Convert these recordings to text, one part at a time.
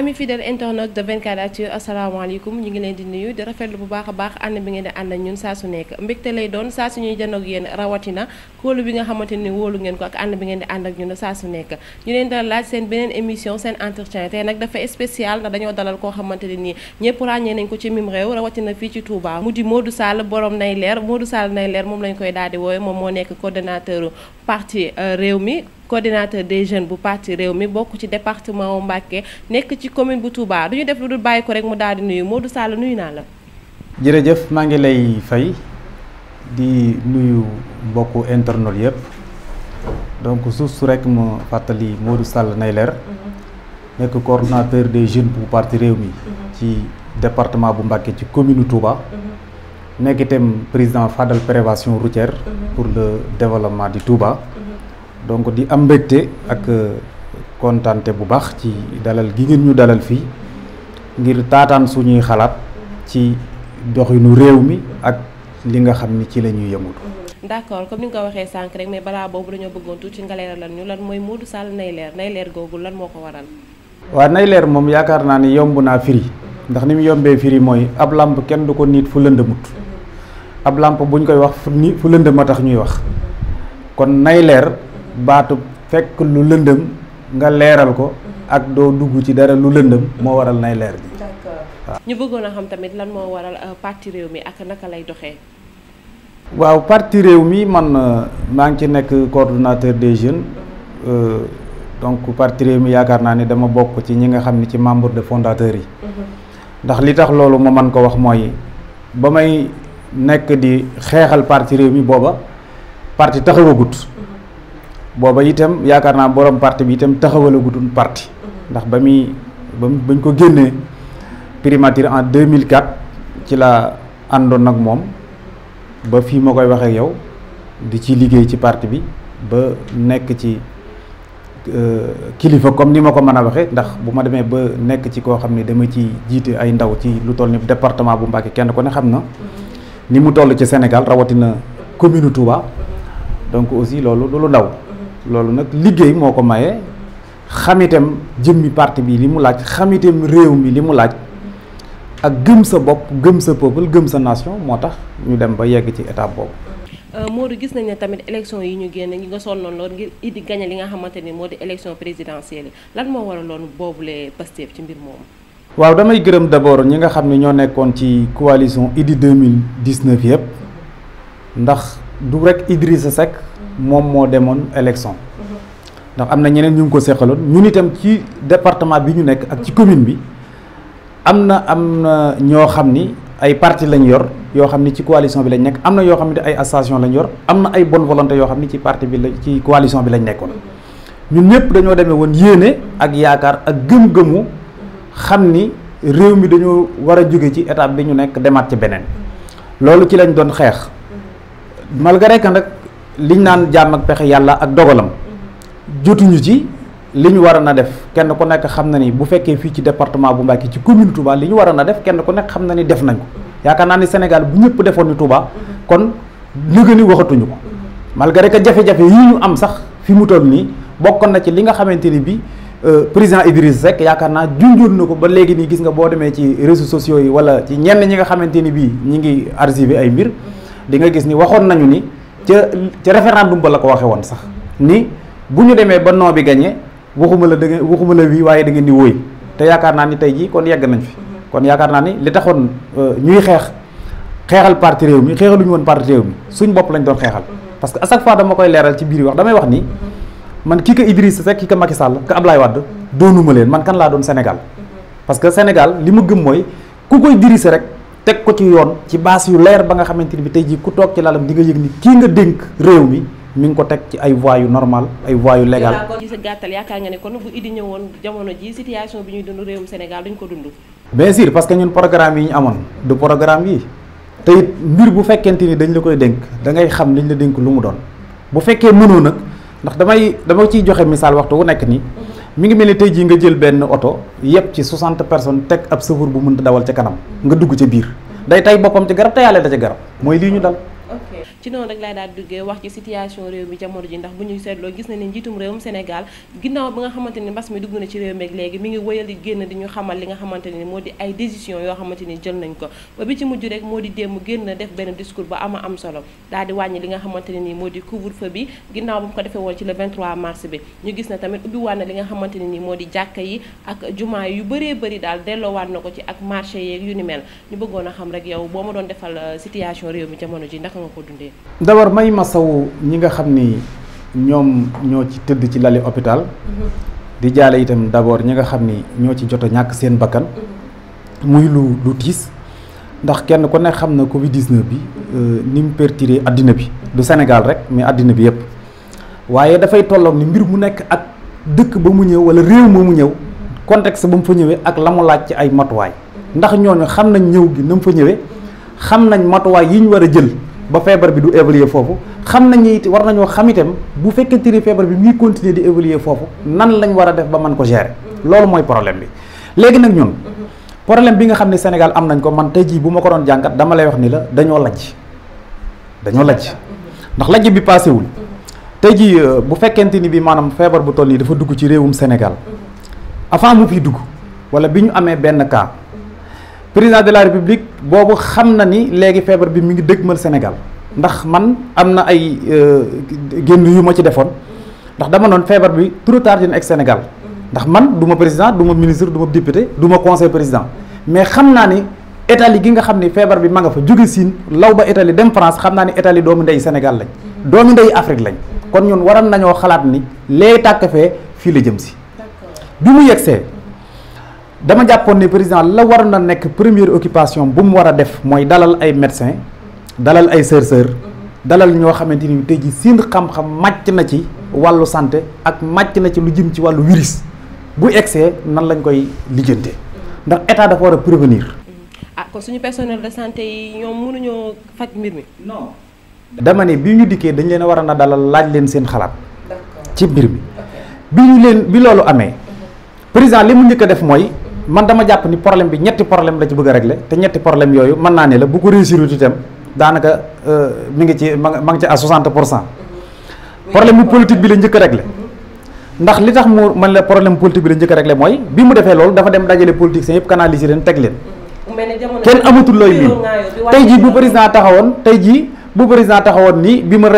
ami fidèle internet de 24actu asalaamaaleykum ñu ngi leen di nuyu di rafetlu bu baax a baax ànd bi ngeen di ànd ak ñun saa su nekk mbégte lay doon saa su ñuy jënd ak yéen rawatina kóolu bi nga xamante ni wóolu ngeen ko ak ànd bi ngeen di ànd ak ñun saa su nekk ñu leen dal laaj seen beneen émission seen entretien tey nag dafa spécial ndax dañoo dalal ko xamante ne nii ñëpp ràññee nañ ko ci mim réew rawatina fii ci Touba mu di Modou Sall borom nay leer Modou Sall nay leer moom lañ koy daal di wooye moom moo nekk coordonnateur parti euh, réew mi coordinateur des jeunes bu parti réew mi bokk ci département wu Mbacké nekk ci commune bu Touba du def lu dul bàyyi ko rek mu daal di nuyu Modou Sall nuyu jërëjëf maa ngi lay fay di nuyu mbokku internautes yëpp donc suuf su rek ma fàttali Modou Sall nay leer mm-hmm. nekk coordonnateur des jeunes bu parti réew mi. Mm-hmm. ci département bu Mbacké ci commune Touba. Mm-hmm. nekk itam président Fadal prévention routière pour le développement du Touba. donc di am mbégte ak euh, kontante bu baax ci dalal gi ngeen ñu dalal fii ngir taataan suñuy xalaat ci doxinu réew mi ak li nga xam ni ci la ñuy yëngatu. d'accord comme ni nga ko waxee sànq rek mais balaa boobu dañoo bëggoon tuuti nga leeral lan ñu lan mooy Modou Sall nay leer nay leer googu lan moo ko waral. waaw nay leer moom yaakaar naa ni yomb naa firi ndax ni mu yombee firi mooy ab làmp kenn du ko niit fu lëndëmut mhm. ab làmp buñ koy wax fu ni fu lëndëm a tax ñuy wax kon baatu fekk lu lëndëm nga leeral ko mm-hmm. ak doo dugg ci dara lu lëndëm mm-hmm. moo waral nay leer bi waaw ñu bëggoon a xam tamit lan moo waral euh, parti réew mi ak naka lay doxee waaw parti réew mi man euh, maa ngi ci nekk coordonnateur des jeunes mm-hmm. euh, donc parti réew mi yaakaar naa ni dama bokk ci ñi nga xam ni ci membre de fondateurs yi ndax li tax loolu ma man ko wax mooy ba may nekk di xeexal parti réew mi booba parti taxawagut booba itam yaakaar naa borom parti bi itam taxawalagutoon parti mm-hmm. ndax ba muy ba bañ ko génnee primatire en mille 2004 ci la àndoon nag moom ba fii ma koy waxee yow di ci liggéey ci parti bi ba nekk ci euh, kilifa comme ni ma ko mën a waxee ndax bu ma demee ba nekk ci koo xam ne dama ci jiite ay ndaw ci lu toll ni département bu Mbacké kenn ko ne xam na mm-hmm. ni mu toll ci Sénégal rawatina commune Touba mm-hmm. donc aussi loolu du lu ndaw loolu nag liggéey moo ko maye xam itam jëmmi parti bi li mu laaj xam réew mi li mu laaj ak gëm sa bopp gëm sa peuple gëm sa nation moo tax ñu dem ba yegg ci étape boobu. Euh, di gis nañ ne tamit élection yi ñu génn ñi nga sonnoon loolu ngir Idi gañe li nga xamante ni moo di élection présidentielle lan moo waraloon boobule Pastef ci mbir moom waaw damay gërëm d'abord ñi nga xam ne ñoo nekkoon ci coalition Idi 2019 yëpp ndax du rek Idrissa Seck. moom moo demoon élection ndax am na ñeneen ñu ngi ko seqaloon ñun itam ci département bi ñu nekk ak ci commune bi am na am na ñoo xam ni ay parti lañu yor yoo xam ni ci coalition bi lañ nekk am na yoo xam ne ay association lañ yor am na ay bonne volonté yoo xam ni ci parti bi la ci coalition bi lañ nekkoon ñun ñëpp dañoo demee woon yéene ak yaakaar ak gëm-gëmu xam ni réew mi dañoo war a jóge ci étape bi ñu nekk demaat ci beneen loolu ci lañ doon xeex malgré que liñ naan jàmm ak pexe yàlla ak dogalam mm-hmm. jotuñu ci li ñu waroon a def kenn ku nekk xam na ni bu fekkee fii ci département bu Mbacké ci commune Touba li ñu waroon a def kenn ku nekk xam na ni def nañ ko mm-hmm. yaakaar naa ni Sénégal bu ñëpp defoon ni Touba mm-hmm. kon nëgë ni waxatuñu ko malgré que jafe-jafe yi ñu am sax fi mu toll nii bokkoon na ci li nga xamante ni bi euh, président Idriss Seck yaakaar naa junjoon na ko ba léegi nii gis nga boo demee ci réseau sociaux yi wala ci ñenn ñi nga xamante ni bii ñi ngi archivé ay mbir di nga gis ni waxoon nañu ni ca ca référendum ba la ko waxee woon sax ni bu ñu demee ba noo bi gagné waxuma la da ngeen waxuma la wii waaye da ngeen di wóoy te yaakaar naa ni tey jii kon yegg nañ fi mhm. kon yaakaar naa ni li taxoon euh, ñuy xeex xeexal parti réew mi xeexaluñu woon parti réew mi suñ bopp lañ doon xeexal mhm. parce que à fois dama koy leeral ci biir wax damay wax ni mhm. man kii ka Idrissa Seck kii ka Macky sàll ka Ablaye Wade doonuma leen man kan laa doon senegal parce que Sénégal li ma gëm mooy ku koy diriger rek. teg ko ci yoon ci baas yu leer ba nga xamante ni bi tey jii ku toog ci lalam di nga yëg ni kii nga dénk réew mi mi ngi ko teg ci ay voies yu normal ay voies yu legal ci sa gàttal nga ne kon bu Idi ñëwoon jamono ji situation bi ñuy dund réewum Sénégal duñ ko dund bien sûr parce que ñun programme yi ñu amoon du programme yi te it mbir bu fekkente ni dañu la koy dénk da ngay xam liñ la dénk lu mu doon bu fekkee mënoo nag ndax damay dama ciy joxe misaal waxtu wu nekk ni mhm. mi ngi mel ni tey jii nga jël benn oto yëpp ci 60 personnes teg ab sëfur bu mënta dawal ca kanam nga dugg ca biir day tey boppam ci garab te yàlla da ca garab mooy lii ñu dal ci noonu rek laay daal duggee wax ci situation réew mi jamono ji ndax bu ñu seetloo gis na ni njiitum réewum Sénégal ginnaaw bi nga xamante ni mbas mi dugg na ci réew mi ak léegi mi ngi wëyal di génn di ñu xamal li nga xamante ni moo di ay décision yoo xamante ni jël nañ ko ba bi ci rek moo di démb génn def benn discours ba ama am solo daal di wàññi li nga xamante ne ni moo di couvre bi ginnaaw ba mu ko defee ci le 23 mars bi ñu gis na tamit ubbi waan li nga xamante ne ni moo di jàkka yi ak jumaa yu bëree bëri daal delloowaat na ko ci ak marché yu ni mel ñu bëggoon a xam rek yow boo ma doon defal euh, situation réew mi jamono ji naka nga ko dundee liggéey. d'abord may masawu ñi nga xam ni ñoom ñoo ci tëdd ci lali hôpital. Mm-hmm. di jaale itam d'abord ñi nga xam ni ñoo ci jot ñàkk seen bakkan. Mm-hmm. muy lu lu tiis ndax kenn ku ne xam na Covid 19 bi euh, ni mu perturber àddina bi du Sénégal rek mais àddina bi yëpp waaye dafay tolloog ni mbir mu nekk ak dëkk ba mu ñëw wala réew ma mu ñëw mm-hmm. contexte ba mu fa ñëwee ak la mu laaj ci ay matuwaay ndax ñooñu xam nañ ñëw gi na mu fa ñëwee xam nañ matuwaay yi ñu war a jël. ba feebar bi du évoluer foofu xam nañu it war nañoo xam itam bu fekkente ni feebar bi muy continuer di évoluer foofu nan lañ war a def ba man ko gérer loolu mooy problème bi léegi nag ñun problème bi nga xam ne Sénégal am nañ ko man tey jii bu ma ko doon jàngat dama lay wax ni la dañoo lajj dañoo lajj ndax lajj bi paasewul tey jii euh, bu fekkente ni bi maanaam feebar bu toll nii dafa dugg ci réewum Sénégal avant mu fiy dugg wala bi ñu amee benn cas président de la république boobu xam na ni léegi feebar bi mi ngi dëgmal Sénégal ndax man am na ay euh, génn yu ma ci defoon ndax dama noon feebar bi trop tard dina egg Sénégal ndax man du ma président du ma ministre du ma député du ma conseil président mais xam naa ni Italie gi nga xam ni feebar bi ma nga fa jóge Siin law ba Italie dem France xam naa ni Italie doomu ndey Sénégal lañ doomu ndey Afrique lañ kon ñun waroon nañoo xalaat ni lee tàkk fee fii la jëm si bi mu yegsee dama jàppoon ne président la war na nekk première occupation bu mu war a def mooy dalal ay médecins dalal ay sœurs mhm. dalal ñoo xamante ni tey jii seen xam-xam màcc na ci wàllu santé ak màcc na ci lu jëm ci wàllu virus bu egsee nan lañ koy lijjante ndax état dafa war a ah, kon suñu personnel de santé yi ñoom mënuñoo faj mbir mi. non ñu dikkee dañu leen a war a na dalal laaj leen seen xalaat. ci mbir mi bi ñu leen bi loolu amee mhm. président li mu njëkk a def mooy. man dama jàpp ni problème bi ñetti problème la ci bëgg a régler te ñetti problème yooyu mën naa ne la bu ko réussir ut itam daanaka euh, mi ngi ci ma ma ngi ci à 60 pour cent problème bu politique bi la njëkk a régler mm-hmm. ndax li tax mu man la problème politique bi la njëkk rek régler mooy bi mu defee loolu dafa dem dajale politiciens yëpp canaliser leen teg leen kenn amatul looy miin tey jii bu naa taxawoon tey jii bu président taxawoon nii bi bi ma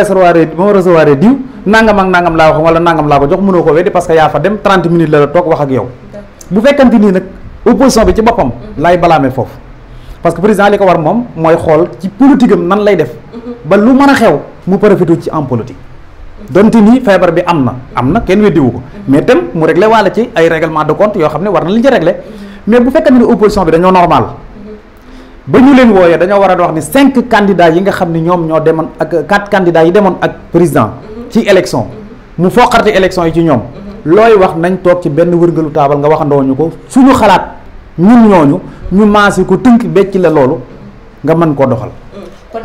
recevoir diw nangam ak nangam laa wax wala nangam laa jox mënoo ko weddi parce que dem 30 minutes toog wax ak yow bu fekkante nii nag opposition bi ci boppam lay balaamee foofu parce que président li ko war moom mooy xool ci politique nan lay def ba lu mën a xew mu profité ci en politique donte nii feebar bi am na am na kenn weddiwu ko mais tam mu réglé waale ci ay règlement de compte yoo xam ne war na li ci réglé mais bu fekkante ni opposition bi dañoo normal ba ñu leen wooyee dañoo war a wax ni cinq candidats yi nga xam ne ñoom ñoo demoon ak quatre candidats yi demoon ak président ci élection mu foqarti élection yi ci ñoom looy wax nañ toog ci benn wërngalu taabal nga waxandoo ñu ko suñu xalaat ñun ñooñu ñu maasi ko tënk becc la loolu nga man ko doxal.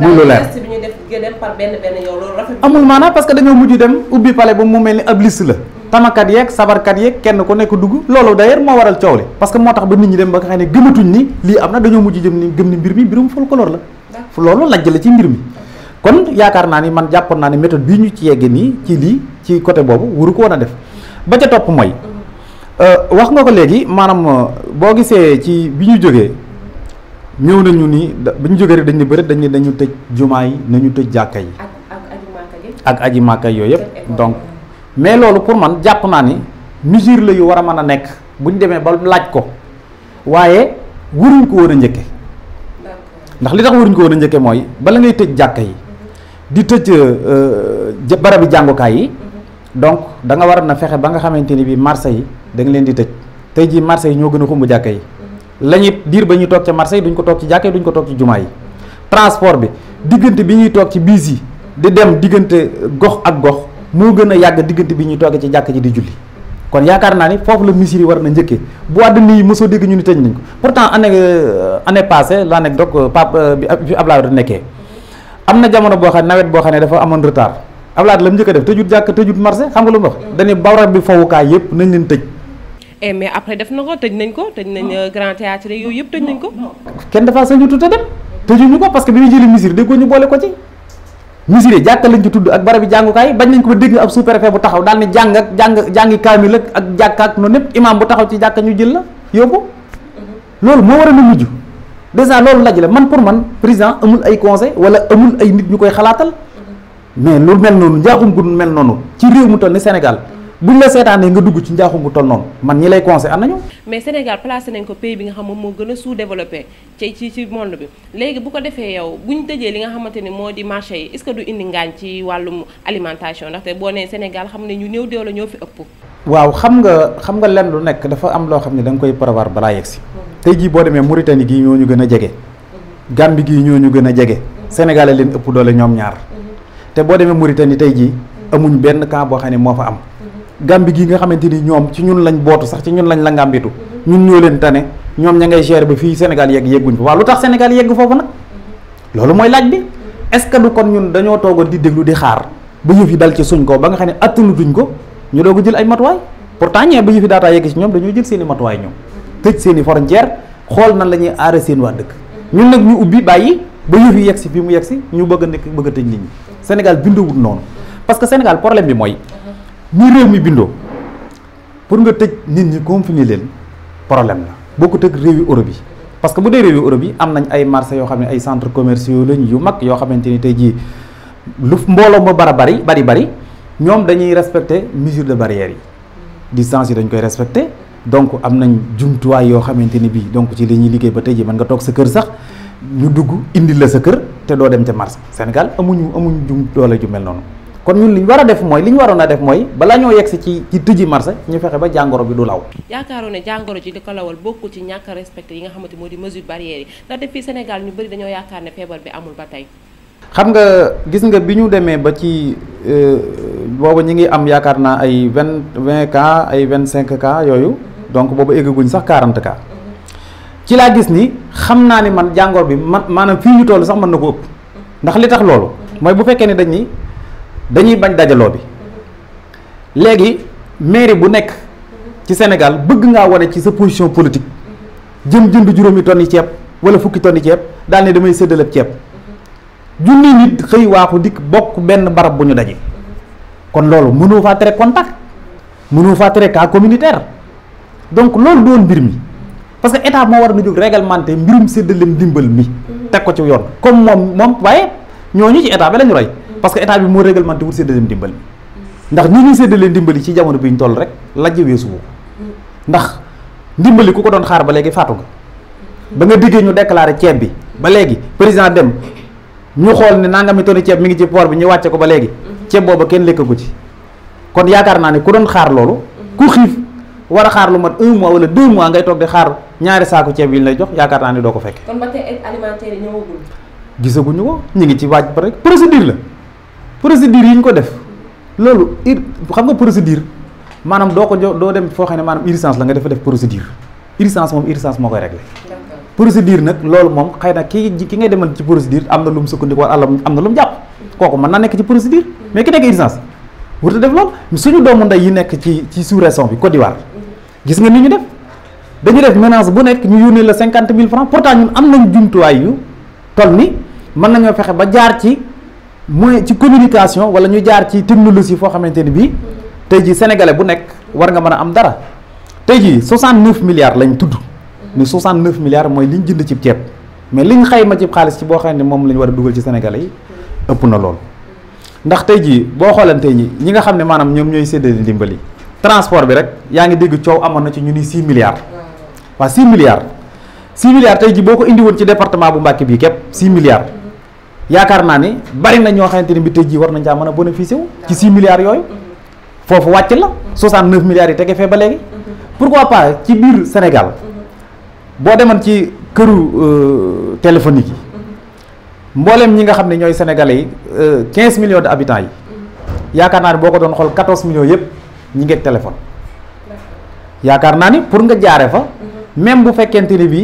muy lu leer kon bi ñu def par benn benn yow loolu amul maanaam parce dañoo mujj dem ubbi pale ba mu mel ni ab liste la. Mm. tamakat yeeg sabarkat yeeg kenn ku nekk dugg loolu d'ailleurs moo waral coow li parce que moo tax ba nit ñi dem ba nga xam ne gëmatuñ ni lii am na dañoo mujj jëm ni gëm ni mbir mi mbirum folklore la loolu lajj la ci mbir mi kon yaakaar naa ni man jàppoon naa ne méthode bii ñu ci yegge nii ci lii ci côté boobu waru ko woon def ba ca topp mooy euh, wax nga ko léegi maanaam euh, boo gisee ci bi ñu jógee ñëw nañu ni bi ñu jógee rek dañ ne bëri dañ ne dañu tëj jumaa yi nañu tëj jàkka yi ak aji màkka yooyu yëpp donc mais loolu pour man jàpp naa ni mesure la yu war a mën a nekk bu ñu demee ba laaj ko waaye waruñ ko woon a njëkke ndax li tax waruñ ko woon a njëkke mooy bala ngay tëj jàkka yi di tëj euh, barabi jàngukaay yi mm-hmm. donc da nga war na fexe ba nga xamante ni bi marché yi da leen di tëj tey jii marché yi ñoo gën a xumb jàkka yi mhm. la ñuy diir ba ñuy toog ca marché yi duñ ko toog ci jàkka yi duñ ko toog ci jumaa transport bi diggante bi ñuy toog ci biis yi di dem diggante gox ak gox moo gën a yàgg diggante bi ñuy toogee ci jàkk ji di julli kon yaakaar naa ni foofu la misir yi war na njëkkee bu àdd nii mosoo dégg ñu ni tëj nañ ko pourtant année euh, année passée l'anecdote euh, Pape euh, bi Abdoulaye nekkee am na jamono boo xam nawet boo xam ne dafa amoon retard Ablaat la mu njëkk a def tëjut jàkk tëjut marché xam nga lu ma wax mm. dañuy barab bi fowukaay yëpp nañ leen tëj eh après def na ko tëj nañ ko tëj nañ euh, grand théâtre yooyu yëpp tëj nañ ko kenn dafaa sañutu te dem tëjuñu ko parce que bi ñu jëli misir déggoo ñu boole ko ci misir yi jàkka lañ ci tudd ak barab bi jàngukaay bañ nañ ko ba dégg nga ab sous-préfet bu taxaw daal ni jàng ak jàng jàngi kaamil ak ak jàkka ak noonu népp imaam bu taxaw ci jàkka ñu jël la yóbbu mm-hmm. loolu moo war a na mujj dèjà loolu laaj la man pour man président amul ay conseil wala amul ay nit ñu koy xalaatal mais lu mel noonu njaaxum gu mel noonu ci réew mu toll ni Sénégal buñ la seetaanee nga dugg ci njaaxum gu toll noonu man ñi lay conseil am nañu. mais Sénégal placé nañ ko pays bi nga xam moom moo gën a sous-développé ci ci ci léegi bu ko defee yow bu ñu li nga xamante ni moo di marché est-ce que du indi ngaañ ci wàllum alimentation ndaxte boo nee Sénégal xam ne ñu néew déew la ñoo fi ëpp. waaw xam nga xam nga lenn lu nekk dafa am loo xam ne da koy prévoir balaa yegg si. tey jii boo demee Mauritanie gii ñoo ñu gën a jege. Gambie gii ñoo ñu gën a jege. Sénégal leen ëpp doole ñoom ñaar te boo demee Mauritanie tey jii amuñ benn cas boo xam ne moo fa am Gambie gi nga xamante ni ñoom ci ñun lañ bootu sax ci ñun lañ la ngambitu ñun ñoo leen tane ñoom ña ngay gérer ba fii Sénégal yegg yegguñ fa lu tax Sénégal yegg foofu nag loolu mooy laaj bi est-ce que du kon ñun dañoo toogoon di déglu di xaar ba yëf yi dal suñ ko ba nga xam ne attanutuñ ko ñu doog a jël ay matuwaay pourtant ñee ba yëf yi daataa yegg ci ñoom dañoo jël seeni matuwaay ñoom tëj seeni i frontière xool na la ñuy aare seen waa dëkk ñun nag ñu ubbi bàyyi ba yëf yi yegg si fii mu yegg si ñu bëgg a nekk bëgg a tëj nit ñi Sénégal bindoowut noonu parce que Sénégal problème bi mooy ñu réew mi bindoo pour nga tëj nit ñi confiner leen problème boo ko ak réew yu Europe yi parce que bu dee réew yu Europe yi am nañ ay marché yoo xam ne ay centres commerciaux lañ yu mag yoo xamante ni tey jii lu mbooloo ma bara bari bari bari ñoom dañuy respecter mesure de barrière yi distance yi dañ koy respecter donc am nañ jumtuwaay yoo xamante ni bii donc ci li ñuy liggéey ba tey jii mën nga toog sa kër sax ñu dugg indi la sa kër te doo dem ca marché Sénégal amuñu amuñu jum doole ju noonu kon ñun li ñu war a def mooy li ñu waroon a def mooy balaa ñoo yegsi ci ci tëji marché ñu fexe ba jàngoro bi du law yaakaaroon ne jàngoro ji di ko lawal bokkul ci ñàkk respecté yi nga xamante moo di mesure barrière yi ndax depuis Sénégal ñu bëri dañoo yaakaar ne feebar bi amul ba tey xam nga gis nga bi ñu demee ba ci euh, boobu ñu ngi am yaakaar naa ay vingt vingt cas ay vingt cinq cas yooyu mm-hmm. donc boobu éggaguñ sax quarante cas ci laa gis ni xam naa ni man jàngoor bi man maanaam fii ñu toll sax mën na ko ëpp ndax li tax loolu mooy bu fekkee ne dañ ni dañuy bañ dajaloo bi léegi mairie bu nekk ci senegal bëgg ngaa wane ci sa position politique jëm jënd juróomi tonni ceeb wala fukki tonni ceeb daal ne damay séddale ceeb junni nit xëy waaxu dikk bokk benn barab bu ñu daje kon loolu mënoo faa tere contact mënoo faa tere cas communautaire donc loolu doon mbir mi. parce que état moo war na jóg réglementé mbirum séddaleem ndimbal mi teg ko ci yoon comme moom moom waaye ñooñu ci état bi la ñu roy parce que état bi moo réglementé wut séddaleem ndimbal mi ndax ñi ñuy séddalee ndimbali ci jamono bi ñu tollu rek lajj weesu ko ndax ndimbali ku ko doon xaar ba léegi faatu nga ba nga diggee ñu déclaré ceeb bi ba léegi président dem ñu xool ne nangami tonni ceeb mi ngi ci poor bi ñu wàcce ko ba léegi ceeb booba kenn lekkagu ci kon yaakaar naa ne ku doon xaar loolu ku war xaar lu mat un mois wala deux mois ngay toog xaar ñaari saako ceeb yi ñu lay jox yaakaar naa ne doo ko fekk. kon ba tey aide alimentaire yi gisaguñu ko ñu ngi ci waaj ba rek procédure la procédure yi ñu ko def loolu ir xam nga procédure maanaam doo ko jo doo dem foo xam ne maanaam urgence la nga defa def procédure urgence moom urgence moo koy réglé. procédure nag loolu moom xëy na ki ki ngay demal ci procédure am na lu mu sukkandiku wala am na lu mu jàpp kooku mën naa nekk ci procédure mais ki nekk urgence warut a def loolu suñu doomu ndey yi nekk ci ci sous-région bi Côte d'Ivoire gis nga ni ñu def. dañu def ménage bu nekk ñu yónnee la cinquante mille francs pourtant ñun am nañ jumtuwaay yu toll ni mën nañoo fexe ba jaar ci moyen ci communication wala ñu jaar ci technologie foo xamante ni bii tey jii sénégalais bu nekk war nga mën a am dara tey jii 69 milliards lañ tudd ni 69 milliards mooy liñ jënd ci ceeb mais liñ xayma ci xaalis ci boo xam ne moom la ñu war a dugal ci sénégalais yi ëpp na lool. ndax tey jii boo xoolan ñi ñi nga xam ne maanaam ñoom ñooy séddale ndimbali transport bi rek yaa ngi dégg coow amoon na ci ñu ni 6 milliards. waa 6 milliards 6 milliards tey ji boo ko indiwoon ci département bu Mbàkke bii képp 6 milliards yaakaar naa ni bari na ñoo xamante ni bi tey ji war nañ caa mën a bénéficier wu ci 6 milliards yooyu foofu wàcc la 69 milliards yi tege fee ba pour pourquoi pas ci biir Sénégal boo demoon ci këru euh, téléphonique yi mbooleem ñi nga xam ne ñooy sénégalais yi 15 euh, millions de habitants yi yaakaar naa ne boo ko doon xol 14 millions yëpp ñi ngeeg téléphone yaakaar naa ni pour nga jaare fa même bu fekkente ni bi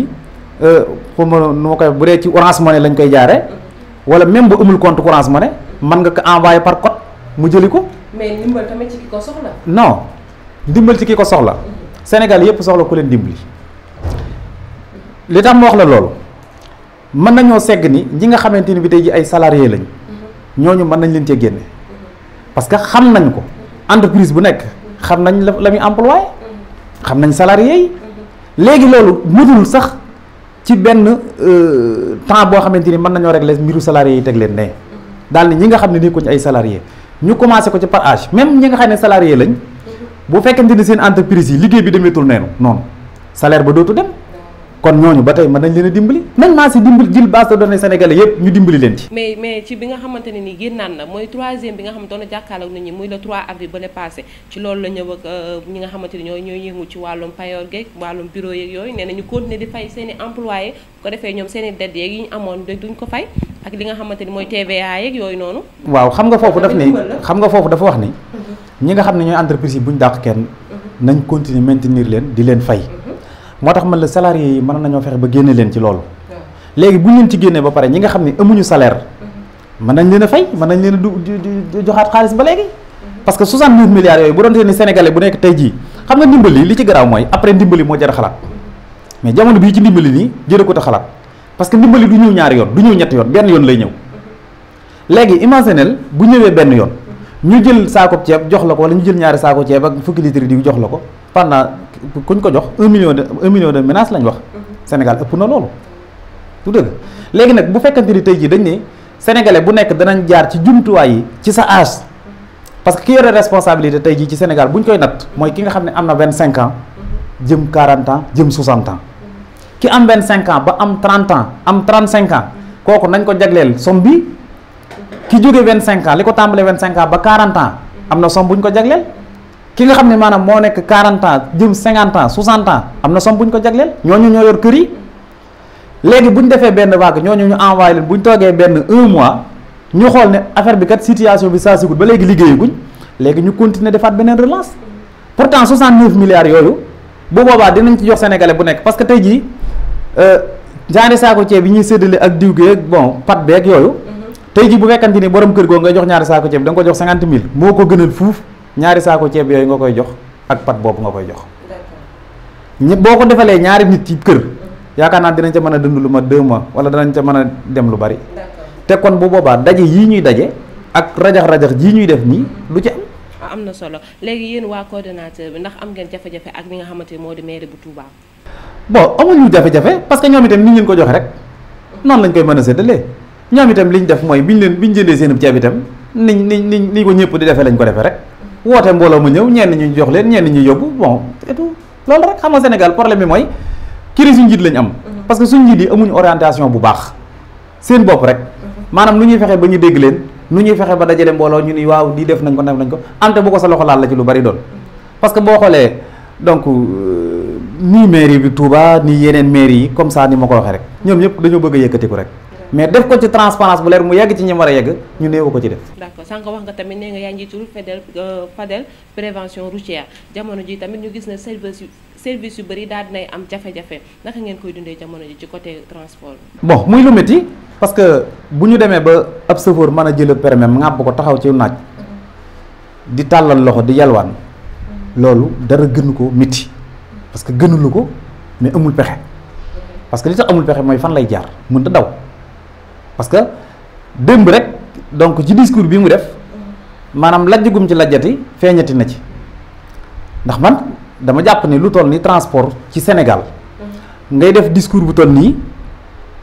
xaw ma nu ma koy bu dee ci Orange Money lañ koy jaaree wala même bu amul compte Orange Money mën nga ko envoyé par code mu jëli ko. mais ndimbal tamit ci ki non ndimbal ci ki ko soxla. Mhm. Sénégal yëpp soxla ku leen dimbali. li tax mu wax la loolu mën nañoo segg ni ñi nga xamante ni bi tey ji ay salarié lañ mhm. ñooñu mën nañ leen cee génne mhm. parce que xam nañ ko entreprise bu nekk xam nañ la la muy xam nañ salarié yi léegi loolu mënul sax ci benn euh, temps boo xamante ni mën nañoo régler mbiru salarié yi teg leen ne daal ni ñi nga xam ne nekkuñu ay salarié ñu commencé ko ci par âge même ñi nga xam ne salarié lañ bu fekkente ni seen entreprise yi liggéey bi demeetul neenu noonu salaire ba dootu dem kon ñooñu ba tey mën nañ leen a dimbali nañ maa si dimbali jël base de données sénégalais yépp ñu dimbali leen ci mais mais ci bi nga xamante ne nii génnaan na mooy troisième bi nga xam doon na jàkkaarloog nit la ñëw euh, xamante ni ñooy ñooy yëngu ci wàllum payoor geeg wàllum bureau yeeg yooyu nee na ñu continuer di fay seen ko defee ñoom seen i dette yeeg yi ko fay ak li xamante ni mooy TVA yeeg yooyu noonu waaw xam nga foofu daf ni xam nga foofu dafa wax ni mhm. ñi nga xam ne ñooy entreprise yi bu ñu dàq kenn mhm. nañ continuer maintenir leen di leen fay moo tax man la salarié yi mën nañoo fexe ba génne leen ci loolu léegi bu ñu leen ci génnee ba pare ñi nga xam ne amuñu saleer mën nañ leen a fay mën nañ leen a joxaat xaalis ba léegi parce que 69 milliards yooyu bu doonte ni sénégalais bu nekk tey jii xam nga ndimbali li ci garaaw mooy après ndimbali moo jar xalaat mais jamono bii ci ndimbali nii jëre ko ta xalaat parce que ndimbali du ñëw ñaari yoon du ñëw ñetti yoon benn yoon lay ñëw léegi imaginel bu ñëwee benn yoon ñu jël saako ceeb jox la ko wala ñu jël ñaari saako ceeb ak fukki litre diw jox la ko pendant kuñ ko jox un million de un million de ménages lañ wax. Mhm. Sénégal ëpp na loolu. du dëgg léegi nag bu fekkante ni tey jii dañ ne sénégalais bu nekk danañ jaar ci jumtuwaay yi ci sa âge parce que ki yore responsabilité tey jii ci Sénégal bu ñu koy nat mooy ki nga xam ne am na vingt cinq ans mhm. jëm quarante ans jëm soixante ans mhm. ki am vingt cinq ans ba am trente ans am trente cinq ans kooku nañ ko jagleel somme bi ki jógee vingt cinq ans li ko tàmbalee vingt cinq ans ba quarante ans am na somme bu ñu ko jagleel. ki nga xam ne maanaam moo nekk 40 ans jëm 50 ans 60 ans am na somme bu ñu ko jagleel ñooñu ñoo yor kër yi léegi bu ñu defee benn vague ñoo ñu envoyé leen bu ñu toogee benn un mois ñu xool ne affaire bi kat situation bi saa sikut ba léegi liggéeyaguñ léegi ñu continuer defaat beneen relance pourtant 69 milliards yooyu bu boobaa dinañ ci jox sénégalais bu nekk parce que tey jii ñaari euh, saako ceeb yi ñuy séddale ak diw gi ak bon pat beeg yooyu. Mhm. tey jii bu fekkante ni borom kër goo ko jox 50 ñaari saako ceeb yooyu nga koy jox ak pat boobu nga koy jox. ñi boo ko defalee ñaari nit ci kër. yaakaar naa dinañ ca mën a dund lu ma deux mois wala danañ ca mën a dem lu bari. te kon bu boobaa daje yii ñuy daje ak rajax rajax jii ñuy def nii du ci am. Ah, am na solo léegi yéen waa coordonnateur bi ndax am ngeen jafe-jafe ak li nga xamante ni moo di maire bu Touba. bon amuñu jafe-jafe parce que ñoom itam ni ñu ko joxe rek noonu lañ koy mën a seddalee ñoom itam li ñu def mooy bi ñu leen bi ñu jëndee seen ceeb itam niñ niñ niñ ko ñëpp di defee lañ ko defee rek. woote mbooloo mu ñëw ñeen ñu jox leen ñenn ñu yóbbu bon et tout loolu rek xam nga Sénégal problème bi mooy crise suñ njiit lañ am. Mhm. parce que suñ njiit yi amuñu orientation bu baax seen bopp rek. Mhm. maanaam lu ñuy fexe ba ñu dégg leen nu ñuy fexe ba dajale mbooloo ñu nii waaw di def nañ ko def nañ ko ante bu ko sa loxo laal la ci lu bari doon. Mhm. parce que boo xoolee donc euh, nii mairie bi Touba nii yeneen mairie yi comme ça ni ma ko waxee rek ñoom ñëpp dañoo bëgg a yëkkatiku rek. mais def ko ci transparence bu leer mu yegg ci ñi war a yegg ñu néew ko ci def. d'accord sànq wax nga tamit nee nga yaa njiitul Fadel euh, Fadel prévention routière jamono ji tamit ñu gis ne service yu service yu bëri daal dinay am jafe-jafe naka ngeen koy dundee jamono ji ci côté transport bo bon muy lu métti parce que bu ñu demee ba ab chauffeur mën a jël permis ŋàbb ko taxaw ci naaj di tàllal loxo di yalwaan loolu dara gënu ko métti parce que gënulu ko mais amul pexe parce que li tax amul pexe mooy fan lay jaar mënta daw. parce que démb rek donc ci discours bi mu def maanaam lajjagum ci lajjati feeñati na ci ndax man dama jàpp ne lu toll nii transport ci Sénégal ngay def discours bu toll nii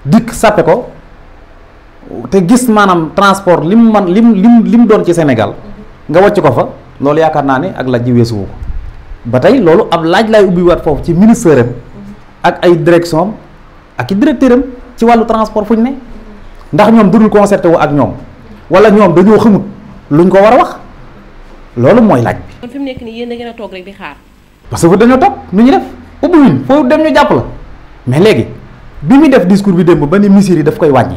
dikk sàppe ko te gis maanaam transport li mu man lim lim li mu doon ci Sénégal nga wàcc ko fa loolu yaakaar naa ne ak lajj weesuwu ko ba tey loolu ab laaj laay ubbiwaat foofu ci ministère am ak ay direction ak i directeur am ci wàllu transport fu ñu ne ndax ñoom duñu concerté wu ak ñoom wala ñoom dañoo xamut ñu ko war a wax loolu mooy laaj bi. kon fi mu nekk nii yéen da toog rek di xaar. parce que dañoo topp nu ñu def ubbi wuñ foofu dem ñu jàpp la mais léegi bi muy def discours bi démb ba ni misir yi daf koy wàññi.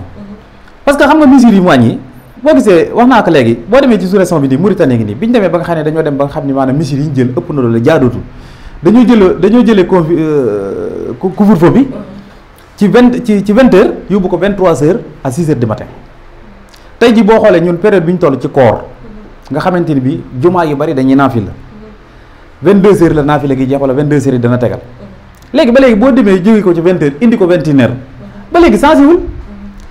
parce que xam nga misir yi mu wàññi boo gisee wax naa ko léegi boo demee ci sous-région bi nii Mauritanie ngi nii bi ñu demee ba nga xam ne dañoo dem ba nga xam ne maanaam misir yi ñu jël ëpp na loolu jaadootul dañoo jël dañoo jëlee euh, couvre-feu bi ci vingt ci ci vingt heures yóbbu ko vingt trois heures à six heures du matin tey boo xoolee ñun période bi ñu toll ci koor nga xamante ni bi jumaa yu bari dañuy naafila vingt deux heures la naafila gi jeex wala vingt deux heures yi dana tegal léegi ba léegi boo demee jóge ko ci vingt heures indi ko vingt et une ba léegi sensiwul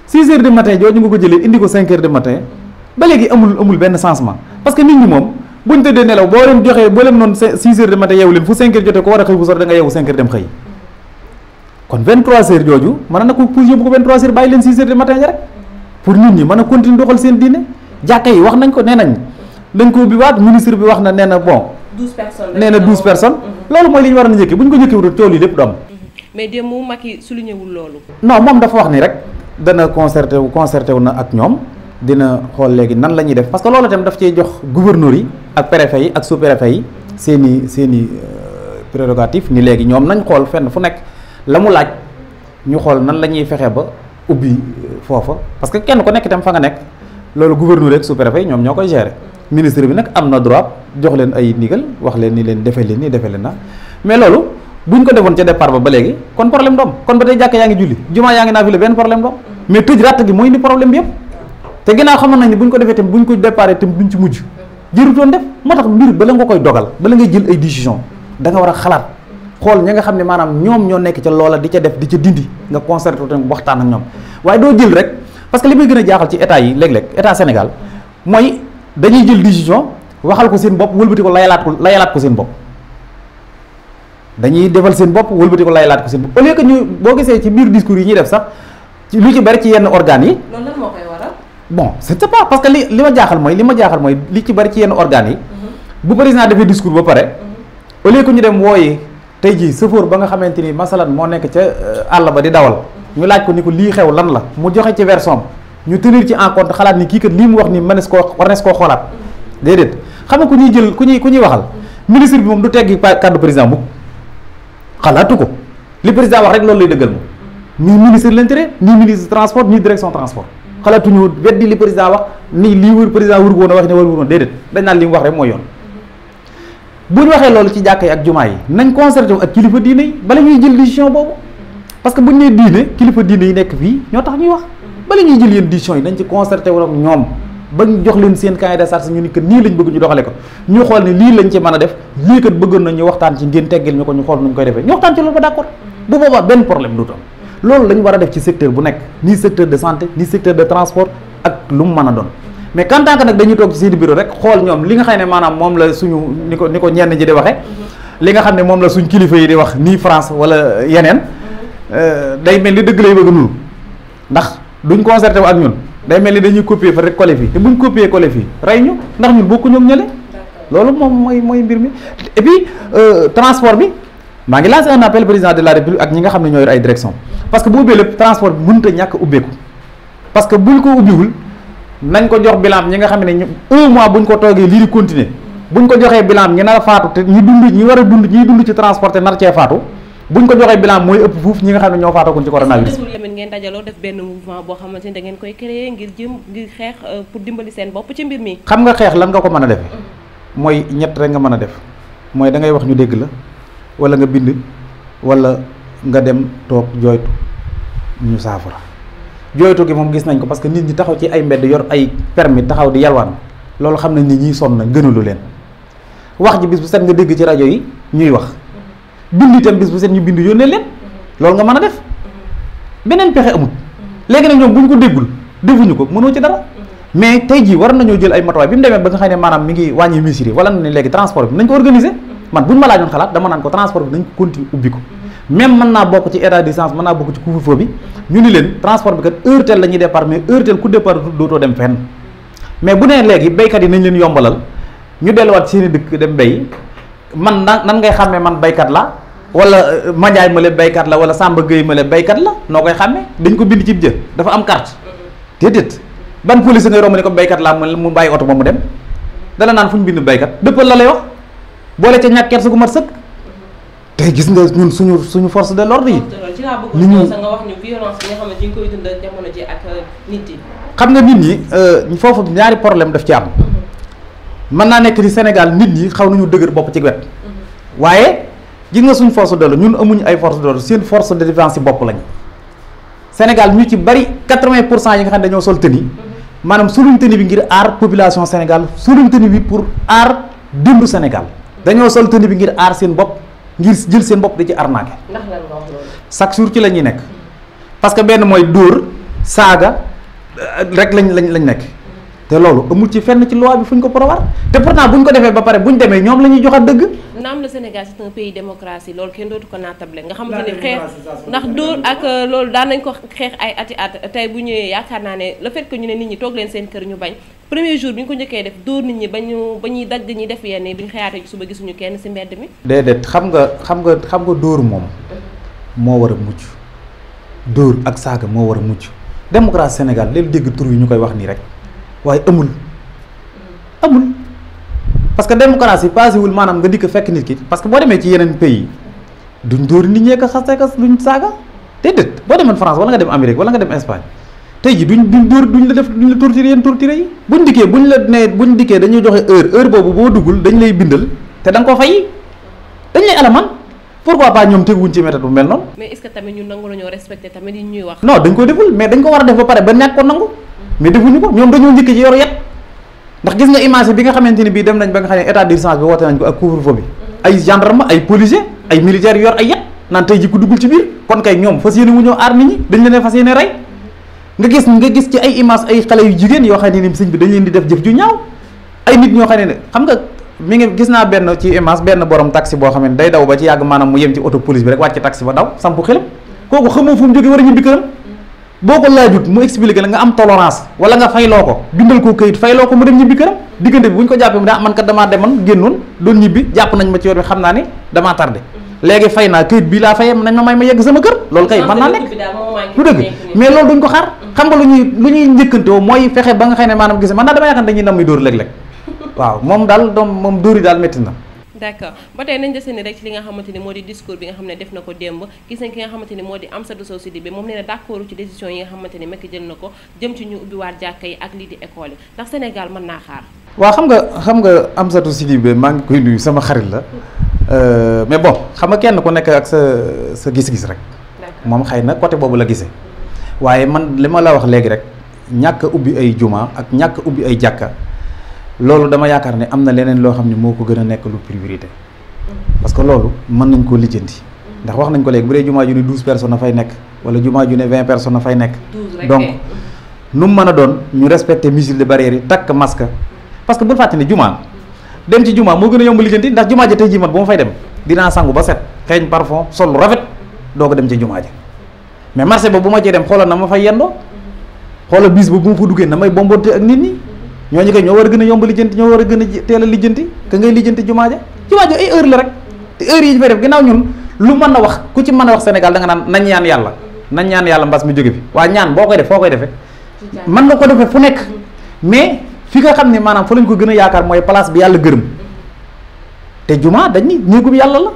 six heures du matin jooju nga ko jëlee indi ko cinq heures du matin ba léegi amul amul benn changement parce que nit ñi moom buñ tëddee nelaw boo leen joxee boo leen kon 23h jooju mën na ko pour yóbbu ko 23h bàyyi leen 6h du matin rek pour nit ñi mën a continuer doxal seen diine jàkka yi wax nañ ko nee nañ dañ ko ubbi waat ministre bi wax na nee na bon. 12 personnes nee na 12 personnes. Mhm. loolu mooy li ñu war a njëkk bu ñu ko njëkkiwul tool yi lépp du am. Mhm. mais démb Macky souligné wul loolu. non moom dafa wax ni rek dana concerté wu concerté wu na ak ñoom dina xool léegi nan la ñuy def parce que loolu itam daf cee jox gouverneur yi ak préfet yi ak sous préfet yi seen i seen i euh, léegi ñoom nañ xool fenn fu nekk. la mu laaj ñu xool nan la ñuy fexe ba ubbi euh, foofa parce que kenn ku nekk itam fa nga nekk loolu gouverneur ak sous-préfet yi ñoom ñoo koy gérer ministre bi nag am na droit jox leen ay ndigal wax leen ni leen defee leen nii defee leen na mais loolu bu ñu ko defoon ca départ ba ba léegi kon problème doom kon ba tey jàkk yaa ngi julli jumaa yaa ngi naafile benn problème doom mais tëj ratt gi mooy indi problème bi yëpp te ginnaaw xamoon nañ ne buñ ko defee tam buñ ko déparé tam duñ ci mujj moo tax mbir bala nga koy dogal bala ngay jël ay décision da war a xalaat xool ña nga xam ne maanaam ñoom ñoo nekk ca loola di ca def di ca dindi nga concerté tamit waxtaan ak ñoom waaye doo jël rek parce que li muy gën a jaaxal ci état yi léeg-léeg état Sénégal mooy dañuy jël décision waxal ko seen bopp wëlbati ko layalaat ko layalaat ko seen bopp dañuy defal seen bopp wëlbati ko layalaat ko seen bopp ñu boo gisee ci biir discours yi ñuy def sax ci lu ci bari ci yenn organes yi. loolu lan moo koy waral. parce que li li ma jaaxal mooy li ma jaaxal mooy li ci bari ci yenn organes yi. Mhm. bu président defee discours ba pare. Mhm. au lieu dem wooyi tey jii sëfoor ba nga xamante ni masalan moo nekk ca euh, àll ba di dawal ñu laaj ko ni ko lii xew lan la mu joxe ci version ñu tenir ci en xalaat ni kii kat lii mu wax ni mënees ko war nees koo xoolaat déedéet xam nga ko ñuy jël ku ñuy ku ñuy waxal ministre bi moom du teggi kàddu président bu xalaatu ko li président wax rek loolu lay dëggal moom nii ministre l'intérieur nii ministre transport nii direction transport xalaatuñu weddi li président wax nii lii wër président wër woon a wax war wër woon dañ naan li mu wax rek mooy yoon bu ñu waxee loolu ci jàkk yi ak jumaa yi nañ concerté wu ak kilifa diine yi bala ñuy jël décision boobu parce que bu ñu nee diine kilifa diine yi nekk fii ñoo tax ñuy wax bala ñuy jël yenn décision yi nañ ci concerté wu ñoom ba ñu jox leen seen cahier de ñu ni que nii lañ bëgg ñu doxale ko ñu xool ne lii lañ ci mën a def lii kat bëggoon nañ waxtaan ci ngeen teggil ñu ko ñu xool nuñ koy defee ñu waxtaan ci loolu ba d'accord bu boobaa benn problème du a def ci secteur bu nekk nii secteur de santé nii secteur de mu mën a mais quand tant que nag dañuy toog ci seen bureau rek xool ñoom li nga xam ne maanaam moom la suñu ni ko ni ko ñenn ji di waxee li nga xam ne moom la suñ kilifa yi di wax nii France wala yeneen euh, day mel ni dëgg lay bëgg nul ndax duñ concerté wu ak ñun day mel ni dañuy copier fa rek collé fii te buñ copier collé fii rey ñu ndax ñun bokkuñu ak ñële loolu moom mooy mooy mbir mi et puis euh, transport bi maa ngi lancé un appel président de la république ak ñi nga xam ne ñoo ay direction parce que bu ubbee lépp ñàkk ubbeeku parce que buñ ko ubbiwul nañ ko jox bilaam ñi nga xam ne ñu un mois buñ ko toogee lii di continuer buñ ko joxee bilan ñi nar a faatu te ñi dund ñi war a dund ñi dund ci transporté nar cee faatu buñ ko joxee bilan mooy ëpp fuuf ñi nga xam ne ñoo faatagul ko coronavirus. tamit ngeen dajaloo def benn mouvement boo xamante ne da ngeen koy créer ngir jëm ngir xeex euh, pour dimbali seen bopp ci mbir mi. xam nga xeex lan nga ko mën a defee mooy ñett rek nga mën a def mooy da ngay wax ñu dégg la wala nga bind wala nga dem toog jooytu jooytu gi moom gis nañ ko parce que nit ñi taxaw ci ay mbedd yor ay permis taxaw di yalwaan loolu xam nañ ni ñiy sonn na gënalu leen wax ji bis bu set nga dégg ci rajo yi ñuy wax bind itam bis bu set ñu bind yónnee leen loolu nga mën a def beneen pexe amul léegi nag ñoom bu ñu ko déggul defuñu ko mënoo ci dara mais tey jii war nañoo jël ay matuwaay bi mu demee ba nga xam ne maanaam mi ngi wàññi misiri wala na ne léegi transport bi nañ ko organiser man bu ñu xalaat dama naan ko transport bi nañ ko ko même mën naa bokk ci état d'urgence mën naa bokk ci couvre-feu bi ñu ni leen transport bi kat heure telle la ñuy départ mais heure telle ku départ dootoo dem fenn mais bu nee léegi béykat yi nañ leen yombalal ñu delluwaat seeni dëkk dem bay man nan nan ngay xàmmee man béykat la wala euh, Mandiaye ma leen baykat la wala Samba Gueye ma leen baykat la noo koy xàmmee dañ ko bind ci jë dafa am carte déedéet ban police ngay romb ne ko baykat laa mu mu bàyyi oto ba mu dem dala naan fu ñu bind béykat dëppal la lay wax boole ca ñàkk kersa gu mat sëkk tey gis nga ñun suñu suñu force de l'ordre yi. ni ñu nga wax ñu violence bi nga xam euh, yi. xam nga nit ñi euh, foofu ñaari problème daf ci am. man mhm. naa nekk ni Sénégal nit ñi xaw nañu dëgër bopp ci wet. Mhm. waaye gis nga suñ force de l'ordre ñun amuñ ay force de l'ordre seen force de défense yi bopp lañu. Sénégal ñu ci bari 80 pour cent yi nga xam ne dañoo sol tenue mhm. maanaam suluñ tenue bi ngir aar population Sénégal suluñ tenue bi pour aar dundu Sénégal dañoo sol tenue bi ngir aar seen bopp. ngir jël seen bopp di ci arnaqué. ndax lan nga wax loolu. chaque ci la ñuy nekk. parce que benn mooy dóor saaga euh, rek lañ lañ lañ nekk. te loolu amul ci fenn ci loi bi fu ñu ko prévoir te pourtant bu ñu ko defee ba pare bu ñu demee ñoom la ñuy joxaat dëgg. naam le Sénégal c'est un pays démocratie loolu kenn dootu ko naatable nga xamante ne xeex ndax dóor ak euh, loolu daan nañ ko xeex ay ati at tey bu ñëwee yaakaar naa ne le fait ñu ne nit ñi toog leen seen kër ñu bañ. premier jour bi ñu ko njëkkee def dóor nit ñi ba ñu ba ñuy dagg ñi def yenn yi bi ñu xëyaatee ci suba gisuñu kenn ci mbedd mi. déedéet xam nga xam nga xam nga dóor moom moo war a mucc dóor ak saaga moo war a mucc démocratie Sénégal léegi dégg tur yu ñu koy wax nii rek waaye amul amul parce que démocratie paasiwul maanaam nga dikk fekk nit ki parce que boo demee ci yeneen pays duñ dóor nit ñee ko xasee ko duñ saaga déedéet boo demoon France wala nga dem Amérique wala nga dem Espagne. tey ji duñ duñ dóor duñ la def duñ la torturer yéen torturer yi buñ dikkee buñ la nee buñ dikkee dañuy joxe heure heure boobu boo duggul dañ lay bindal te da nga koo fay dañ lay alamaan pourquoi pas ñoom ñoo respecté tamit li ñuy wax. ñoom dañoo njëkk ci yor yet ndax gis nga image bi nga xamante ni bii dem nañ ba nga xam ne état d'urgence bi woote nañ ko ak couvre-feu bi ay gendarme ay policier ay militaires yor ay yet naan tey ji ku duggul ci biir kon kay ñoom fas yéene wu ñoo aar nit ñi dañ leen fas nga gis nga gis ci ay image ay xale yu jigéen yoo xam ne ni sëñ bi dañ leen di def jëf ju ñaaw ay nit ñoo xam ne ne xam nga mi ngi gis naa benn ci image benn borom taxi boo xam ne day daw ba ci yàgg maanaam mu yem ci auto police bi rek wàcc taxi ba daw sampu xelam kooku xamoo fu mu jógee a ñibbi këram boo nga am tolérance wala nga fayloo ko bindal ko këyit ko mu dem ñibbi këram diggante bi ko jàppee mu daa ah man kat damaa demoon génnoon doon ñibbi jàpp nañ ma ci yoon bi xam naa ni damaa tardé léegi fay naa këyit bi laa fayee nañ ma may ma yegg sama kër loolu kay mën naa nekk lu dëgg mais loolu duñ ko xaar mm-hmm. xam nga lu ñuy lu ñuy njëkkante woo mooy fexe ba nga xam ne maanaam gis man naa dama yaakaar dañuy namuy dóor léeg-léeg moom daal daal métti na d'accord ba tey nañ rek ci li nga xamante ni moo di discours bi nga xam ne def na ko démb gis nañ ki nga moo di Amsatou Sow Sidibé moom nee na d'accord ci décision na ko jëm ci ñu ubbiwaat jàkka yi ak lii di mën naa xaar waaw xam nga xam nga Amsatou Sidibé maa ngi koy nuyu sama xarit la Euh, mais bon xam nga kenn ku nekk ak sa sa gis-gis rek. moom xëy na côté boobu la gisee. waaye man li ma la wax léegi rek ñàkk ubbi ay jumaa ak ñàkk ubbi ay jàkka loolu dama yaakaar ni am na leneen loo xam ne moo ko gën a nekk lu priorité. Mm-hmm. parce que loolu mën nañ koo lijjanti. Mm-hmm. ndax wax nañ ko léegi bu dee jumaa ju ne douze personnes a fay nekk wala jumaa ju ne vingt personnes a fay nekk. donc nu mu mën a doon ñu respecter mesures de barrières yi takk maska parce que bul fàtte jumaa dem ci jumaa moo gën a yomb lijjanti ndax juma ja tey ji man bu ma fay dem dinaa sangu ba set xeeñ parfum sol rafet doo ko dem ci juma ja mais marché ba bu ma cee dem xoolal na ma fay yendoo xoola bis ba bu ma fa duggee na may bombote ak nit ñi ñooñu koy ñoo war a gën a yomb lijjanti ñoo war a gën a teel a lijjanti ka ngay lijjanti jumaa ja jumaa ja ay heure la rek te heure yi ñu fay def ginnaaw ñun lu mën a wax ku ci mën a wax Sénégal da nga naan nañ ñaan yàlla nañ ñaan yàlla mbas mi jóge fi waa ñaan boo koy def foo defee mën nga ko nekk mais fi nga xam ne maanaam fa lañ ko gën a yaakaar mooy place bi yàlla gërëm te juma dañ ni néegub yàlla la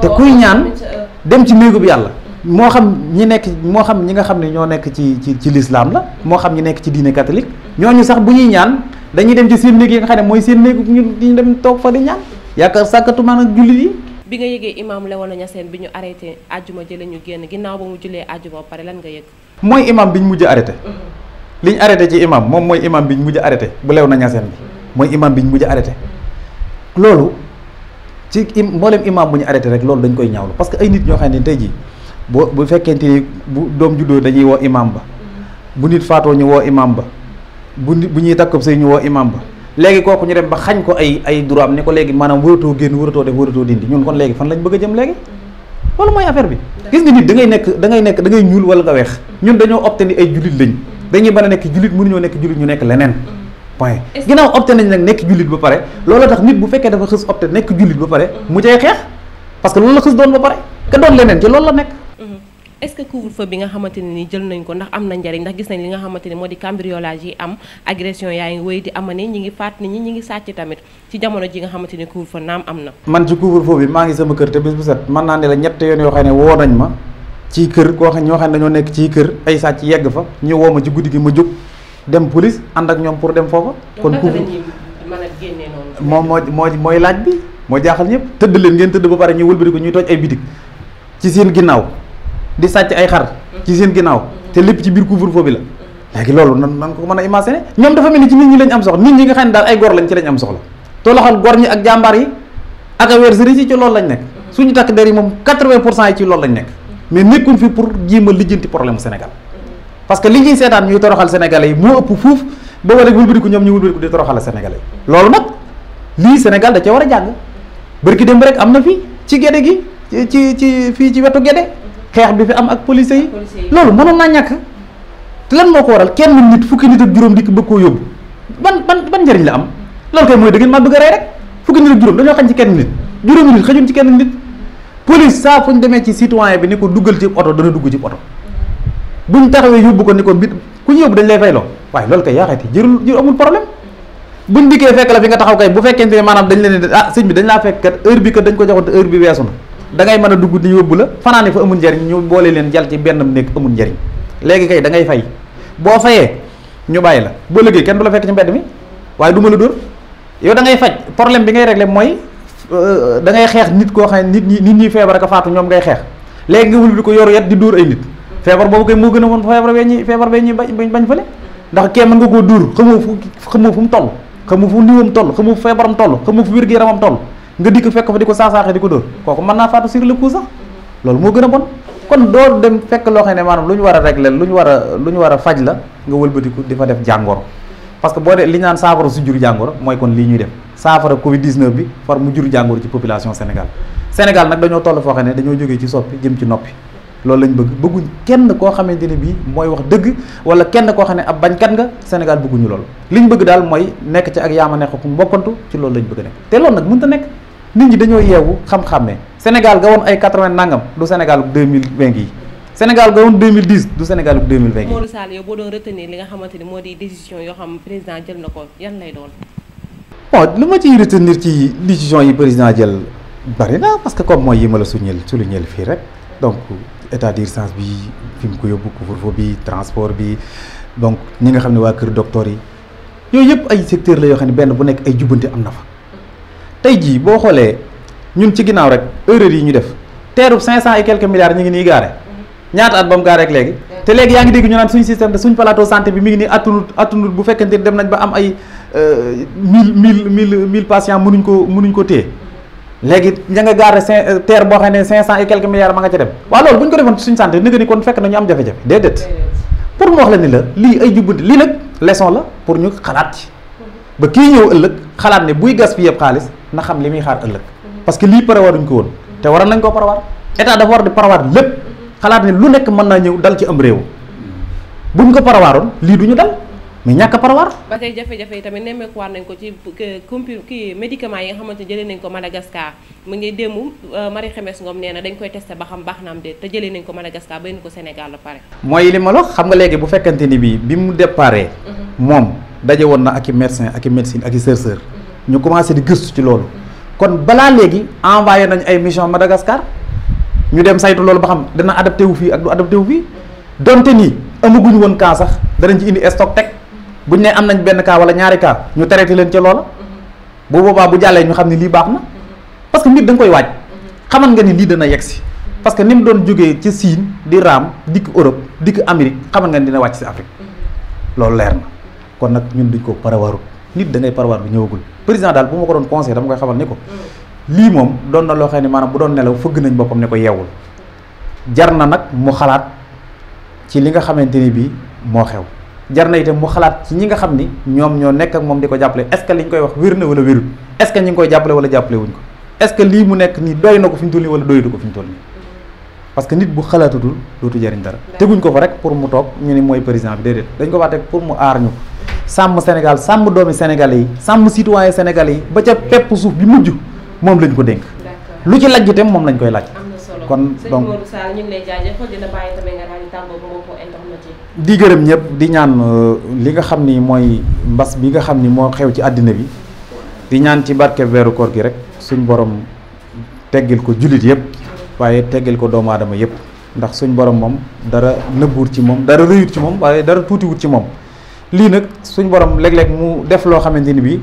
te kuy ñaan euh, dem ci néegub mm. yàlla moo xam ñi nekk moo xam ñi nga xam ne ñoo nekk ci ci ci lislaam la moo xam ñi nekk ci diine catholique ñooñu sax bu ñuy ñaan dañuy dem ci seen néeg yi nga xam ne mooy seen néeg ñu ñu dem toog fa di ñaan yaakaar sàkkatumaan ak jullit yi bi nga yëgee imaam Léona Niassène bi ñu arrêté ajjuma ji la ñu génn ginnaaw ba mu jullee ajjuma pare lan nga yëg mooy imaam bi ñu mujj arrêté mm-hmm. li ñu arrêté ci imam moom mooy imam bi ñu mujj arrêté bu lew na ñaseen bi mooy imam bi ñu mujj arrêté loolu ci mboolem imam bu ñu arrêté rek loolu dañ koy ñaawlu parce que ay nit ñoo xam ne tey jii boo bu fekkente ni bu doom juddoo dañuy woo imam ba bu nit faatoo ñu woo imam ba bu nit bu woo imam ba léegi kooku ñu dem ba xañ ko ay ay droit am ko léegi maanaam waratoo génn waratoo def waratoo dindi ñun kon léegi fan lañ bëgg a jëm léegi loolu mooy affaire bi gis nga nit da ngay nekk da ngay nekk da ngay ñuul wala nga weex ñun dañoo opté ni ay jullit dañuy mën a nekk jullit mënuñoo nekk jullit ñu nekk leneen mm-hmm. point ginnaaw opté nañ nag nekk jullit ba pare loolu tax nit bu fekkee dafa xës opté nekk jullit ba pare mm-hmm. mu cay xeex parce loolu la xës doon ba pare ka doon leneen ci loolu la nekk mm-hmm. est-ce que bi nga xamante ne ni jël nañ ko ndax am na njariñ ndax gis nañ li nga xamante ne moo di cambriolage yi am agression yaa ngi wéy di amani ñi ngi faat nit ñi ñi ngi sàcc tamit ci jamono ji nga xamante ne couvre-feu naam am na man ci couvre ne la ñett ma ci kër koo xam ñoo xam ne dañoo nekk ci kër ay sàcc yegg fa ñu woo ma ci guddi gi ma jóg dem police ànd ak ñoom pour dem foofa. kon ku moom moo mooy laaj bi moo jaaxal ñëpp tëdd leen ngeen tëdd ba pare ñu wëlbati ko ñuy toj ay bitig ci seen ginnaaw di sàcc ay xar ci seen ginnaaw te lépp ci biir couvre-feu bi la léegi loolu nan nan ko mën a imaginer ñoom dafa mel ni ci nit ñi lañ am soxla nit ñi nga xam ne daal ay góor lañ ci lañ am soxla toloxal góor ñi mm-hmm. suñu takk der yi moom ci loolu lañ nekk mais nekkuñ fi pour jéem a lijjanti problème Sénégal parce que li ñuy seetaan ñuy toroxal sénégalais yi moo ëpp fuuf ba wala wëlbatiku ñoom ñu wëlbatiku di toroxal sénégalais loolu nag lii Sénégal da ca war a jàng bërki dem rek am na fi ci gédé gi ci ci fii ci wetu gédé xeex bi fi am ak police yi loolu mënoon naa ñàkk te lan moo ko waral kenn nit fukki nit ak juróom dikk bëgg koo yóbbu ban ban ban njëriñ la am loolu kay mooy dëgg maa bëgg a rey rek fukki nit ak juróom dañoo xañ ci kenn nit juróomi nit xajuñ ci kenn nit police saa fu ñu demee ci citoyen bi ni ko dugal ci oto dana dugg ci oto buñ taxawee yóbbu ko ni ko bit ku ñu yóbbu dañ lay fay loo waaye loolu kay yaaxeeti jërul jër amul problème buñ dikkee fekk la fi nga taxaw kay bu fekkente ne maanaam dañ leen ne ah sëñ bi dañ laa fekk kat heure bi kat dañ ko joxoon te heure bi weesu na da ngay mën a dugg di yóbbu la fanaan fa amul njariñ ñu boole leen jal ci benn nekk amul njariñ léegi kay da ngay fay boo fayee ñu bàyyi la boo liggéey kenn du la fekk ci mbedd mi waaye du ma la dóor yow da ngay faj problème bi ngay réglé mooy da ngay xeex nit koo xam ne nit ñi nit ñi feebar ak faatu ñoom ngay xeex léegi nga wul bi ko yor yet di dóor ay nit feebar boobu koy moo gën a woon feebar bee ñuy feebar bee bañ fële ndax kenn nga koo dóor xamoo fu xamoo fu mu toll xamoo fu niwam toll xamoo fu feebaram toll xamoo fu wér-gu-yaramam toll nga dikk fekk fa di ko saasaaxee di ko dóor kooku mën naa faatu sur le coup sax loolu moo gën a bon kon doo dem fekk loo xam ne maanaam lu ñu war a régler lu ñu war a lu ñu war a faj la nga wëlbatiku di fa def jàngoro parce que boo dee li ñu naan saafara su jur mooy kon lii ñuy def saafara Covid 19 bi far mu jur jàngoro ci population Sénégal Sénégal nag dañoo toll foo xam ne dañoo jógee ci soppi jëm ci noppi loolu lañ bëgg bëgguñ kenn koo xamante ne bii mooy wax dëgg wala kenn koo xam ne ab bañkat nga Sénégal bëgguñu loolu liñ bëgg daal mooy nekk ci ak yaama neex ku mbokkantu ci loolu lañ bëgg nekk te loolu nag mënta nekk nit ñi dañoo yeewu xam-xammee Sénégal ga woon ay 80 nangam du Sénégal 2020 yi Sénégal ga woon 2010 du Sénégal 2020 yi. Modou Sall li nga xamante ni moo di décision yoo xam président jël na ko yan bon lu ma ciy retenir ci li décision yi président jël bari na parce que comme mooy yi ma la suñu suñu fii rek donc état d'urgence bi fi ko yóbbu couvre-feu bi transport bi donc ñi nga xam ne waa kër docteur yi yooyu yëpp ay secteur la yoo xam ne benn bu nekk ay jubbante am na fa. tey jii boo xoolee ñun ci ginnaaw rek erreur yi ñu def teeru 500 et quelques milliards ñu ngi nii gaare ñaata at ba mu gaaree ak léegi. te léegi yaa ngi dégg bi mi ngi nii attunut attunut bu fekkente dem nañ ba am ay. Euh, mille mille mille mille patients munuñ ko munuñ ko téye léegi ña nga garde cinq euh, terre boo xam ne cinq cent et quelques milliards ma nga ca dem waaw loolu bu ñu ko defoon suñu santé a ni kon fekk na ñu am jafe-jafe déedéet pour mu wax la ni la lii ay jubbanti lii nag leçon la pour ñu xalaat ci ba kiy ñëw ëllëg xalaat ne buy gaspiller yëpp xaalis na xam li muy xaar ëllëg parce que lii prévoiruñ ko woon te waroon nañ koo prévoir état dafa war di prévoir lépp xalaat ne lu nekk mën naa ñëw dal ci am réew buñ ko prévoiroon lii du ñu dal mu ñàkk par war ba tey jafe-jafe yi tamit nemmeekuwaat nañ ko ci compu kii médicaments yi nga xamante jëlee nañ ko Madagascar mu ngi démb euh, Marie Xemes Ngom nee na dañ koy testé ba xam baax na am de te jëlee nañ ko Madagascar ba ko Sénégal la pare mooy li ma la xam nga léegi bu fekkante ni bii bi mu déparé mhm. moom daje woon na ak i médecin ak i médecine ak i sœur mhm. ñu commencé di gëstu ci loolu kon balaa léegi envoyé nañ ay mission Madagascar ñu dem saytu loolu ba xam dana adapté wu fii ak du adapté wu fii mhm. donte nii amaguñu woon cas sax danañ ci indi stock teg bu buñ nee am nañ benn cas wala ñaari kaar ñu traité leen ca loola bu boobaa bu jàllee ñu xam ne lii baax na parce que nit da nga koy waaj xamal nga ni lii dana yegg si parce que ni mu doon jógee ci Siin di raam dikk Europe dikk Amérique xamal nga ni dina wàcc si Afrique loolu leer na kon nag ñun duñ ko parawarut nit da ngay parawar bi ñëwagul président daal bu ma ko doon conseil dama koy xamal ni ko lii moom doon na loo xam ne maanaam bu doon nelaw fëgg nañ boppam ne ko yeewul jar na nag mu xalaat ci li nga xamante ni bii moo xew jar na itam mu xalaat ci ñi nga xam ni ñoom ñoo nekk ak moom di ko jàppale est li ñu koy wax wér na wala wérul est-ce que ñi ngi koy jàppale wala jàppale wuñ ko est-ce que lii mu nekk nii doy na ko fi ñu toll nii wala doyatu ko fi ñu toll nii parce que nit bu xalaatutul dootu jariñ dara teguñ ko fa rek pour mu toog ñu ni mooy président bi déedéet dañ ko fa teg pour mu aar ñu ko sàmm Sénégal sàmm doomi Sénégalais yi sàmm citoyen Sénégalais yi ba ca pepp suuf bi mujj moom lañ ko dénk lu ci lajj itam moom lañ koy laaj kon donc di gërëm ñëpp di ñaan euh, li nga xam ni mooy mbas bi nga xam ni moo xew ci àddina bi di ñaan ci barke weeru cor gi rek suñ borom teggil ko jullit yëpp waaye teggil ko doomu aadama yëpp ndax suñ borom moom dara nëbbuwut ci moom dara rëyut ci moom waaye dara tuutiwut ci moom. lii nag suñ borom léeg-léeg mu def loo xamante ni bii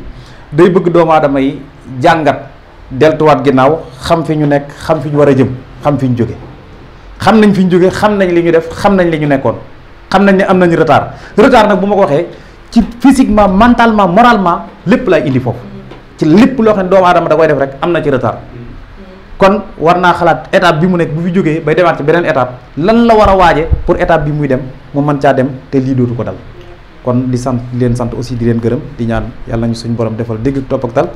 day bëgg doomu aadama yi jàngat deltuwaat ginnaaw xam fi ñu nekk xam fi ñu war a jëm xam fi ñu jóge xam nañ fi ñu jóge xam nañ li ñu def xam nañ li ñu nekkoon. xam nañ ne am nañ retard retard nag bu ma ko waxee ci physiquement mentalement moralement lépp laay indi foofu ci lépp loo xam ne doomu aadama da koy def rek am na ci retard kon war naa xalaat étape bi mu nekk bu fi jógee bay demaat ci beneen étape lan la war a waaje pour étape bi muy dem mu mën caa dem te lii dootu ko dal kon di sant leen sant aussi di leen gërëm di ñaan yàlla nañu suñu borom defal dégg topp tal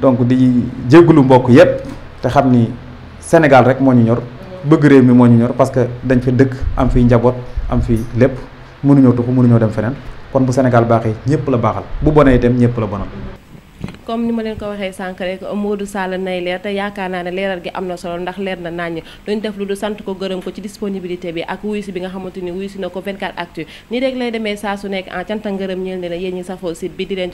donc di jéggulu mbokk yépp te xam ni Sénégal rek moo ñu ñor bëgg réew mi moo ñu ñor parce que dañ fi dëkk am fi njaboot am fi lépp mënuñoo tuxu mënuñoo dem feneen kon bu Sénégal baaxee ñëpp la baaxal bu bonee itam ñëpp la bonal. comme ni ma leen ko waxee sànq rek Modou Sall nay leer te yaakaar naa ne leeral gi am na solo ndax leer na naññ duñ def lu du sant ko gërëm ko ci disponibilité bi ak wuyu bi nga xamante ni wuyu na ko 24 actu nii rek lay demee saa su nekk en cant ak ngërëm ñeel ne la yéen ñi safoo site bi di leen